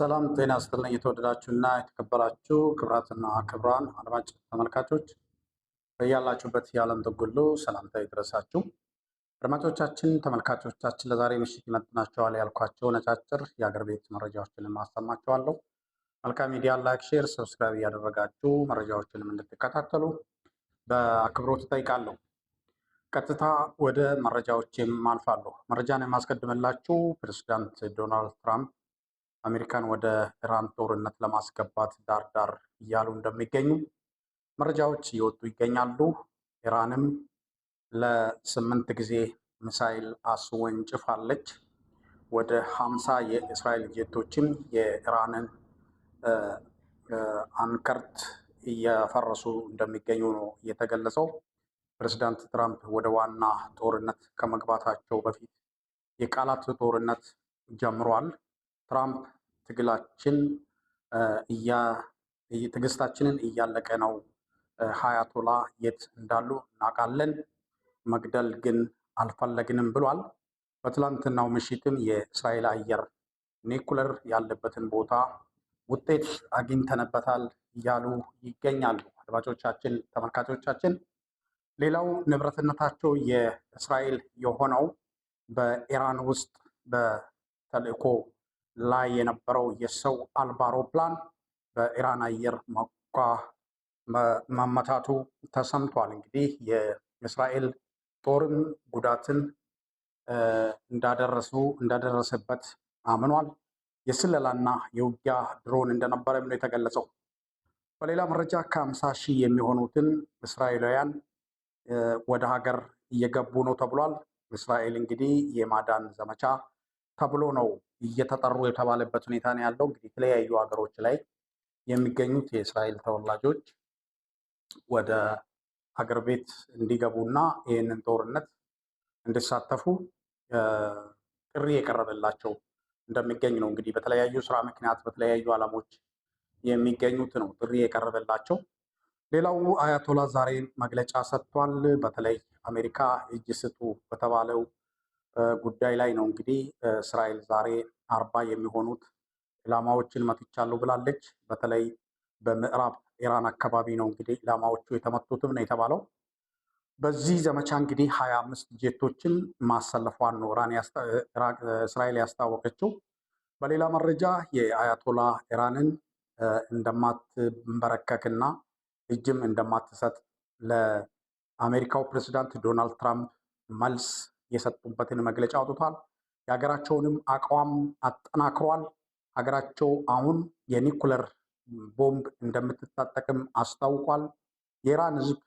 ሰላም ጤና ይስጥልኝ። የተወደዳችሁና የተከበራችሁ ክብራትና ክብራን አድማጭ ተመልካቾች በያላችሁበት የዓለም ጥግ ሁሉ ሰላምታ ይድረሳችሁ። አድማጮቻችን፣ ተመልካቾቻችን ለዛሬ ምሽት ይመጥናቸዋል ያልኳቸው ነጫጭር የአገር ቤት መረጃዎችንም አሰማችኋለሁ። መልካም ሚዲያ ላይክ፣ ሼር፣ ሰብስክራይብ እያደረጋችሁ መረጃዎችንም እንድትከታተሉ በአክብሮት እጠይቃለሁ። ቀጥታ ወደ መረጃዎች አልፋለሁ። መረጃን የማስቀድምላችሁ ፕሬዚዳንት ዶናልድ ትራምፕ አሜሪካን ወደ ኢራን ጦርነት ለማስገባት ዳር ዳር እያሉ እንደሚገኙ መረጃዎች እየወጡ ይገኛሉ። ኢራንም ለስምንት ጊዜ ሚሳይል አስወንጭፋለች። ወደ ሀምሳ የእስራኤል ጄቶችን የኢራንን አንከርት እያፈረሱ እንደሚገኙ ነው የተገለጸው። ፕሬዚዳንት ትራምፕ ወደ ዋና ጦርነት ከመግባታቸው በፊት የቃላት ጦርነት ጀምሯል። ትራምፕ ትግላችን ትግስታችንን እያለቀ ነው፣ ሀያቶላ የት እንዳሉ እናውቃለን፣ መግደል ግን አልፈለግንም ብሏል። በትላንትናው ምሽትም የእስራኤል አየር ኒኩለር ያለበትን ቦታ ውጤት አግኝተንበታል እያሉ ይገኛሉ። አድማጮቻችን፣ ተመልካቾቻችን ሌላው ንብረትነታቸው የእስራኤል የሆነው በኢራን ውስጥ በተልእኮ ላይ የነበረው የሰው አልባ አውሮፕላን በኢራን አየር መኳ መመታቱ ተሰምቷል። እንግዲህ የእስራኤል ጦርም ጉዳትን እንዳደረሱ እንዳደረሰበት አምኗል። የስለላና የውጊያ ድሮን እንደነበረም ነው የተገለጸው። በሌላ መረጃ ከአምሳ ሺህ የሚሆኑትን እስራኤላውያን ወደ ሀገር እየገቡ ነው ተብሏል። እስራኤል እንግዲህ የማዳን ዘመቻ ተብሎ ነው እየተጠሩ የተባለበት ሁኔታ ነው ያለው። እንግዲህ የተለያዩ ሀገሮች ላይ የሚገኙት የእስራኤል ተወላጆች ወደ ሀገር ቤት እንዲገቡና ይህንን ጦርነት እንዲሳተፉ ጥሪ የቀረበላቸው እንደሚገኝ ነው። እንግዲህ በተለያዩ ስራ ምክንያት በተለያዩ ዓላሞች የሚገኙት ነው ጥሪ የቀረበላቸው። ሌላው አያቶላ ዛሬ መግለጫ ሰጥቷል። በተለይ አሜሪካ እጅ ስጡ በተባለው ጉዳይ ላይ ነው እንግዲህ እስራኤል ዛሬ አርባ የሚሆኑት ኢላማዎችን መትቻለሁ ብላለች። በተለይ በምዕራብ ኢራን አካባቢ ነው እንግዲህ ኢላማዎቹ የተመቱትም ነው የተባለው። በዚህ ዘመቻ እንግዲህ ሀያ አምስት ጄቶችን ማሰለፏን ነው እስራኤል ያስታወቀችው። በሌላ መረጃ የአያቶላ ኢራንን እንደማትንበረከክና እጅም እንደማትሰጥ ለአሜሪካው ፕሬዚዳንት ዶናልድ ትራምፕ መልስ የሰጡበትን መግለጫ አውጥቷል። የሀገራቸውንም አቋም አጠናክሯል። ሀገራቸው አሁን የኒኩለር ቦምብ እንደምትታጠቅም አስታውቋል። የኢራን ሕዝብ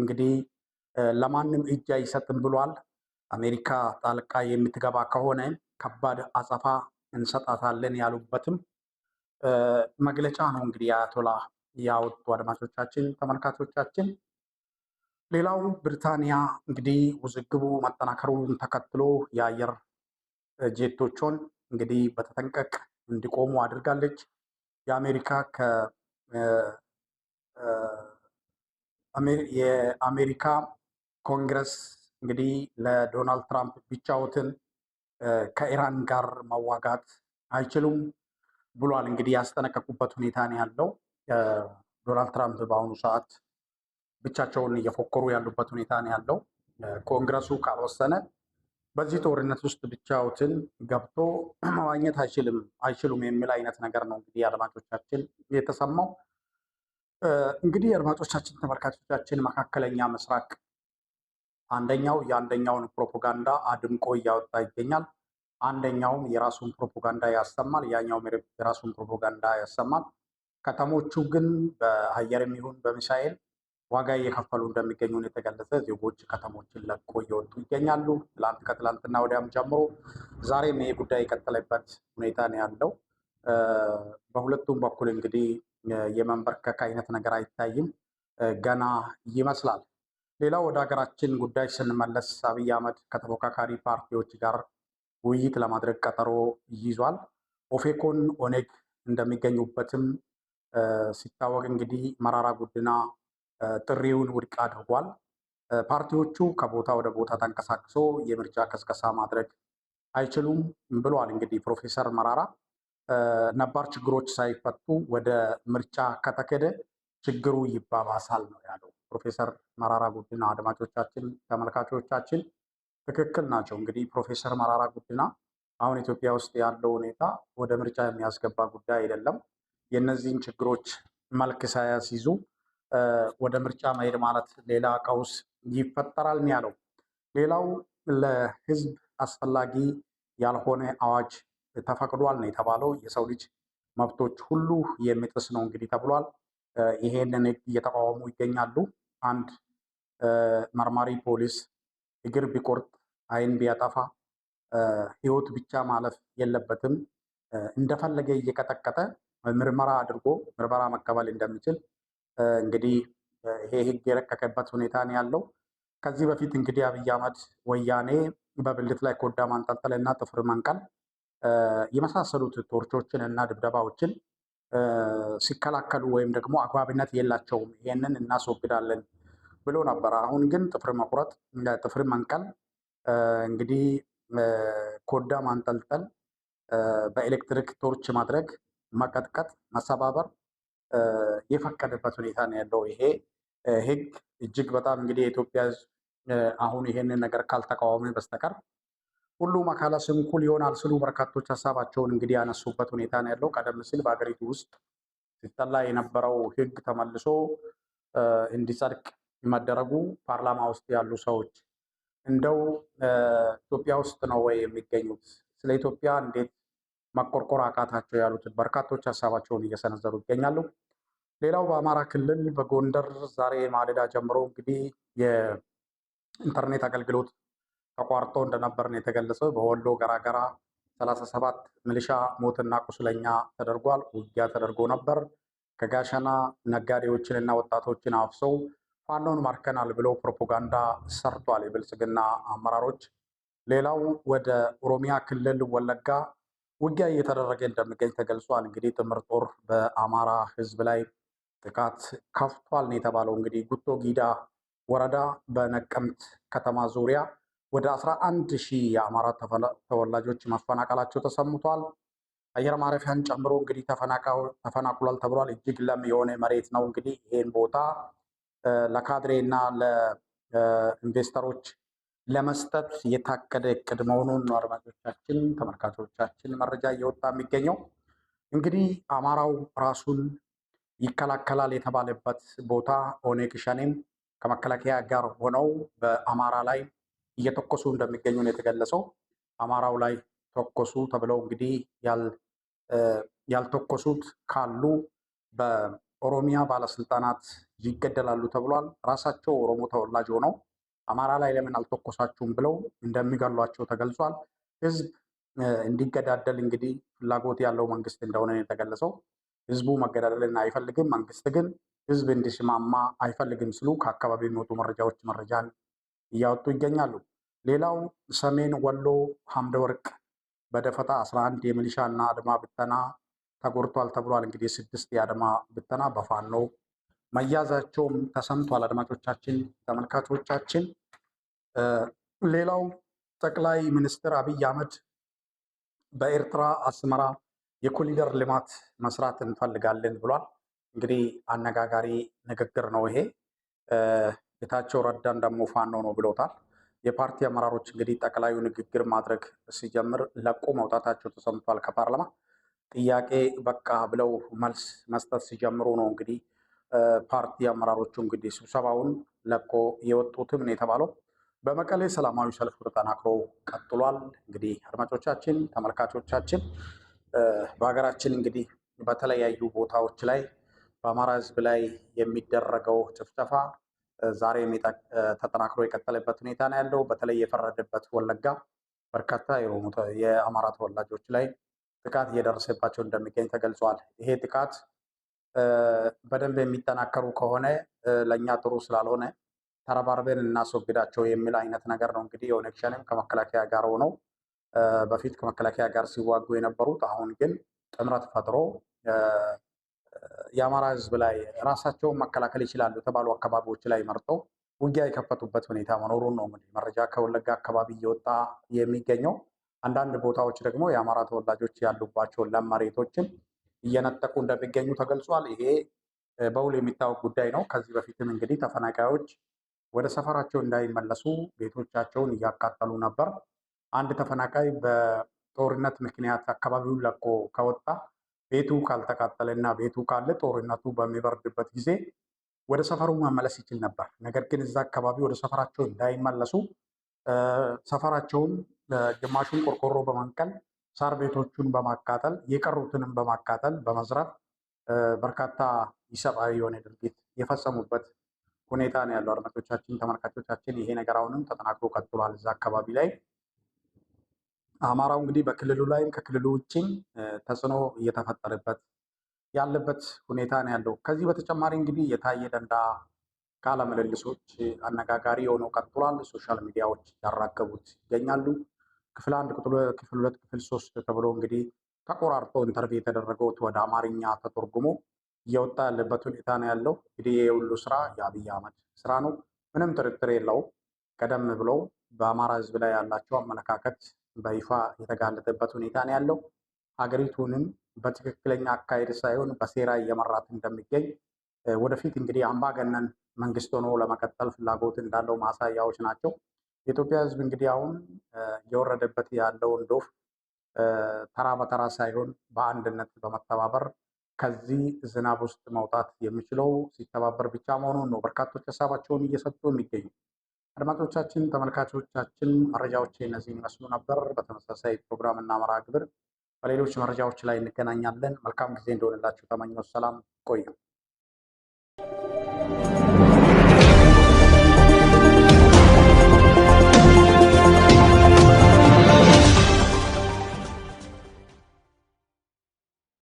እንግዲህ ለማንም እጅ አይሰጥም ብሏል። አሜሪካ ጣልቃ የምትገባ ከሆነ ከባድ አጸፋ እንሰጣታለን ያሉበትም መግለጫ ነው እንግዲህ አያቶላ ያወጡ። አድማጮቻችን፣ ተመልካቾቻችን ሌላው ብሪታንያ እንግዲህ ውዝግቡ መጠናከሩን ተከትሎ የአየር ጄቶቿን እንግዲህ በተጠንቀቅ እንዲቆሙ አድርጋለች። የአሜሪካ የአሜሪካ ኮንግረስ እንግዲህ ለዶናልድ ትራምፕ ቢጫወትን ከኢራን ጋር መዋጋት አይችሉም ብሏል። እንግዲህ ያስጠነቀቁበት ሁኔታ ነው ያለው ዶናልድ ትራምፕ በአሁኑ ሰዓት ብቻቸውን እየፎከሩ ያሉበት ሁኔታ ነው ያለው። ኮንግረሱ ካልወሰነ በዚህ ጦርነት ውስጥ ብቻዎትን ገብቶ መዋኘት አይችልም አይችሉም የሚል አይነት ነገር ነው እንግዲህ አድማጮቻችን የተሰማው። እንግዲህ አድማጮቻችን ተመልካቾቻችን፣ መካከለኛ ምስራቅ አንደኛው የአንደኛውን ፕሮፓጋንዳ አድምቆ እያወጣ ይገኛል። አንደኛውም የራሱን ፕሮፓጋንዳ ያሰማል፣ ያኛው የራሱን ፕሮፓጋንዳ ያሰማል። ከተሞቹ ግን በአየርም ይሁን በሚሳኤል ዋጋ እየከፈሉ እንደሚገኙ የተገለጸ ዜጎች ከተሞችን ለቆ እየወጡ ይገኛሉ። ትላንት ከትላንትና ወዲያም ጀምሮ ዛሬም ይሄ ጉዳይ የቀጠለበት ሁኔታ ነው ያለው። በሁለቱም በኩል እንግዲህ የመንበርከክ አይነት ነገር አይታይም ገና ይመስላል። ሌላው ወደ ሀገራችን ጉዳይ ስንመለስ አብይ አህመድ ከተፎካካሪ ፓርቲዎች ጋር ውይይት ለማድረግ ቀጠሮ ይዟል። ኦፌኮን ኦኔግ እንደሚገኙበትም ሲታወቅ እንግዲህ መራራ ጉድና ጥሪውን ውድቅ አድርጓል። ፓርቲዎቹ ከቦታ ወደ ቦታ ተንቀሳቅሶ የምርጫ ቀስቀሳ ማድረግ አይችሉም ብሏል። እንግዲህ ፕሮፌሰር መራራ ነባር ችግሮች ሳይፈቱ ወደ ምርጫ ከተከደ ችግሩ ይባባሳል ነው ያለው ፕሮፌሰር መራራ ጉዲና። አድማጮቻችን፣ ተመልካቾቻችን ትክክል ናቸው። እንግዲህ ፕሮፌሰር መራራ ጉዲና አሁን ኢትዮጵያ ውስጥ ያለው ሁኔታ ወደ ምርጫ የሚያስገባ ጉዳይ አይደለም። የእነዚህን ችግሮች መልክ ሳያስይዙ ወደ ምርጫ መሄድ ማለት ሌላ ቀውስ ይፈጠራል ነው ያለው። ሌላው ለህዝብ አስፈላጊ ያልሆነ አዋጅ ተፈቅዷል ነው የተባለው። የሰው ልጅ መብቶች ሁሉ የሚጥስ ነው እንግዲህ ተብሏል። ይሄንን ህግ እየተቃወሙ ይገኛሉ። አንድ መርማሪ ፖሊስ እግር ቢቆርጥ አይን ቢያጠፋ ህይወት ብቻ ማለፍ የለበትም እንደፈለገ እየቀጠቀጠ ምርመራ አድርጎ ምርመራ መቀበል እንደሚችል እንግዲህ ይሄ ህግ የረቀቀበት ሁኔታ ነው ያለው። ከዚህ በፊት እንግዲህ አብይ አህመድ ወያኔ በብልት ላይ ኮዳ ማንጠልጠል እና ጥፍር መንቀል የመሳሰሉት ቶርቾችን እና ድብደባዎችን ሲከላከሉ ወይም ደግሞ አግባብነት የላቸውም ይሄንን እናስወግዳለን ብሎ ነበር አሁን ግን ጥፍር መቁረጥ፣ ጥፍር መንቀል፣ እንግዲህ ኮዳ ማንጠልጠል፣ በኤሌክትሪክ ቶርች ማድረግ፣ መቀጥቀጥ፣ መሰባበር የፈቀደበት ሁኔታ ነው ያለው። ይሄ ህግ እጅግ በጣም እንግዲህ የኢትዮጵያ ህዝብ አሁን ይሄንን ነገር ካልተቃወመ በስተቀር ሁሉም አካላት ስንኩል ይሆናል ስሉ በርካቶች ሀሳባቸውን እንግዲህ ያነሱበት ሁኔታ ነው ያለው። ቀደም ሲል በሀገሪቱ ውስጥ ሲጠላ የነበረው ህግ ተመልሶ እንዲጸድቅ መደረጉ ፓርላማ ውስጥ ያሉ ሰዎች እንደው ኢትዮጵያ ውስጥ ነው ወይ የሚገኙት? ስለ ኢትዮጵያ እንዴት መቆርቆር አቃታቸው ያሉትን በርካቶች ሀሳባቸውን እየሰነዘሩ ይገኛሉ። ሌላው በአማራ ክልል በጎንደር ዛሬ ማለዳ ጀምሮ እንግዲህ የኢንተርኔት አገልግሎት ተቋርጦ እንደነበር ነው የተገለጸው። በወሎ ገራገራ ሰላሳ ሰባት ሚሊሻ ሞትና ቁስለኛ ተደርጓል። ውጊያ ተደርጎ ነበር። ከጋሸና ነጋዴዎችን እና ወጣቶችን አፍሰው ፋኖን ማርከናል ብሎ ፕሮፓጋንዳ ሰርቷል የብልጽግና አመራሮች። ሌላው ወደ ኦሮሚያ ክልል ወለጋ ውጊያ እየተደረገ እንደሚገኝ ተገልጿል። እንግዲህ ጥምር ጦር በአማራ ህዝብ ላይ ጥቃት ከፍቷል ነው የተባለው። እንግዲህ ጉቶ ጊዳ ወረዳ በነቀምት ከተማ ዙሪያ ወደ 11 ሺህ የአማራ ተወላጆች መፈናቀላቸው ተሰምቷል። አየር ማረፊያን ጨምሮ እንግዲህ ተፈናቅሏል ተብሏል። እጅግ ለም የሆነ መሬት ነው። እንግዲህ ይህን ቦታ ለካድሬ እና ለኢንቨስተሮች ለመስጠት የታቀደ እቅድ መሆኑን ነው አድማጮቻችን፣ ተመልካቾቻችን መረጃ እየወጣ የሚገኘው። እንግዲህ አማራው ራሱን ይከላከላል የተባለበት ቦታ ኦኔግ ሸኔም ከመከላከያ ጋር ሆነው በአማራ ላይ እየተኮሱ እንደሚገኙ ነው የተገለጸው። አማራው ላይ ተኮሱ ተብለው እንግዲህ ያልተኮሱት ካሉ በኦሮሚያ ባለስልጣናት ይገደላሉ ተብሏል። ራሳቸው ኦሮሞ ተወላጅ ሆነው አማራ ላይ ለምን አልተኮሳችሁም ብለው እንደሚገሏቸው ተገልጿል። ህዝብ እንዲገዳደል እንግዲህ ፍላጎት ያለው መንግስት እንደሆነ የተገለጸው ህዝቡ መገዳደልን አይፈልግም፣ መንግስት ግን ህዝብ እንዲስማማ አይፈልግም ሲሉ ከአካባቢ የሚወጡ መረጃዎች መረጃን እያወጡ ይገኛሉ። ሌላው ሰሜን ወሎ ሀምደ ወርቅ በደፈታ 11 የሚሊሻ እና አድማ ብተና ተጎድቷል ተብሏል። እንግዲህ ስድስት የአድማ ብተና በፋኖ መያዛቸውም ተሰምቷል። አድማጮቻችን፣ ተመልካቾቻችን ሌላው ጠቅላይ ሚኒስትር አብይ አህመድ በኤርትራ አስመራ የኮሊደር ልማት መስራት እንፈልጋለን ብሏል። እንግዲህ አነጋጋሪ ንግግር ነው ይሄ። ጌታቸው ረዳን ደግሞ ፋኖ ነው ብሎታል። የፓርቲ አመራሮች እንግዲህ ጠቅላዩ ንግግር ማድረግ ሲጀምር ለቆ መውጣታቸው ተሰምቷል። ከፓርላማ ጥያቄ በቃ ብለው መልስ መስጠት ሲጀምሩ ነው እንግዲህ ፓርቲ አመራሮቹ እንግዲህ ስብሰባውን ለቆ የወጡትም ነው የተባለው። በመቀሌ ሰላማዊ ሰልፍ ተጠናክሮ ቀጥሏል። እንግዲህ አድማጮቻችን፣ ተመልካቾቻችን በሀገራችን እንግዲህ በተለያዩ ቦታዎች ላይ በአማራ ሕዝብ ላይ የሚደረገው ጭፍጨፋ ዛሬም ተጠናክሮ የቀጠለበት ሁኔታ ነው ያለው። በተለይ የፈረደበት ወለጋ በርካታ የአማራ ተወላጆች ላይ ጥቃት እየደረሰባቸው እንደሚገኝ ተገልጿል። ይሄ ጥቃት በደንብ የሚጠናከሩ ከሆነ ለእኛ ጥሩ ስላልሆነ ተረባርበን እናስወግዳቸው የሚል አይነት ነገር ነው። እንግዲህ የኦነግ ሸኔም ከመከላከያ ጋር ሆነው በፊት ከመከላከያ ጋር ሲዋጉ የነበሩት አሁን ግን ጥምረት ፈጥሮ የአማራ ሕዝብ ላይ ራሳቸውን መከላከል ይችላሉ የተባሉ አካባቢዎች ላይ መርጦ ውጊያ የከፈቱበት ሁኔታ መኖሩን ነው እንግዲህ መረጃ ከወለጋ አካባቢ እየወጣ የሚገኘው። አንዳንድ ቦታዎች ደግሞ የአማራ ተወላጆች ያሉባቸው ለም እየነጠቁ እንደሚገኙ ተገልጿል። ይሄ በውል የሚታወቅ ጉዳይ ነው። ከዚህ በፊትም እንግዲህ ተፈናቃዮች ወደ ሰፈራቸው እንዳይመለሱ ቤቶቻቸውን እያቃጠሉ ነበር። አንድ ተፈናቃይ በጦርነት ምክንያት አካባቢውን ለቆ ከወጣ ቤቱ ካልተቃጠለ እና ቤቱ ካለ ጦርነቱ በሚበርድበት ጊዜ ወደ ሰፈሩ መመለስ ይችል ነበር። ነገር ግን እዛ አካባቢ ወደ ሰፈራቸው እንዳይመለሱ ሰፈራቸውን ግማሹን ቆርቆሮ በመንቀል ሳር ቤቶቹን በማቃጠል የቀሩትንም በማቃጠል በመዝረፍ በርካታ ኢሰብአዊ የሆነ ድርጊት የፈጸሙበት ሁኔታ ነው ያለው። አድማጮቻችን፣ ተመልካቾቻችን ይሄ ነገር አሁንም ተጠናክሮ ቀጥሏል። እዛ አካባቢ ላይ አማራው እንግዲህ በክልሉ ላይም ከክልሉ ውጭም ተጽዕኖ እየተፈጠረበት ያለበት ሁኔታ ነው ያለው። ከዚህ በተጨማሪ እንግዲህ የታየ ደንዳ ቃለምልልሶች አነጋጋሪ የሆነው ቀጥሏል። ሶሻል ሚዲያዎች ያራገቡት ይገኛሉ። ክፍል አንድ ክፍል ሁለት ክፍል ሶስት ተብሎ እንግዲህ ተቆራርጦ ኢንተርቪው የተደረገው ወደ አማርኛ ተተርጉሞ እየወጣ ያለበት ሁኔታ ነው ያለው። እንግዲህ ይህ ሁሉ ስራ የአብይ አህመድ ስራ ነው፣ ምንም ጥርጥር የለው። ቀደም ብሎ በአማራ ህዝብ ላይ ያላቸው አመለካከት በይፋ የተጋለጠበት ሁኔታ ነው ያለው። ሀገሪቱንም በትክክለኛ አካሄድ ሳይሆን በሴራ እየመራት እንደሚገኝ ወደፊት እንግዲህ አምባገነን መንግስት ሆኖ ለመቀጠል ፍላጎት እንዳለው ማሳያዎች ናቸው። የኢትዮጵያ ሕዝብ እንግዲህ አሁን እየወረደበት ያለውን ዶፍ ተራ በተራ ሳይሆን በአንድነት በመተባበር ከዚህ ዝናብ ውስጥ መውጣት የሚችለው ሲተባበር ብቻ መሆኑን ነው በርካቶች ሀሳባቸውን እየሰጡ የሚገኙ። አድማጮቻችን፣ ተመልካቾቻችን መረጃዎች እነዚህ ይመስሉ ነበር። በተመሳሳይ ፕሮግራም እና መርሃ ግብር በሌሎች መረጃዎች ላይ እንገናኛለን። መልካም ጊዜ እንደሆነላችሁ ተመኘው። ሰላም ቆዩ።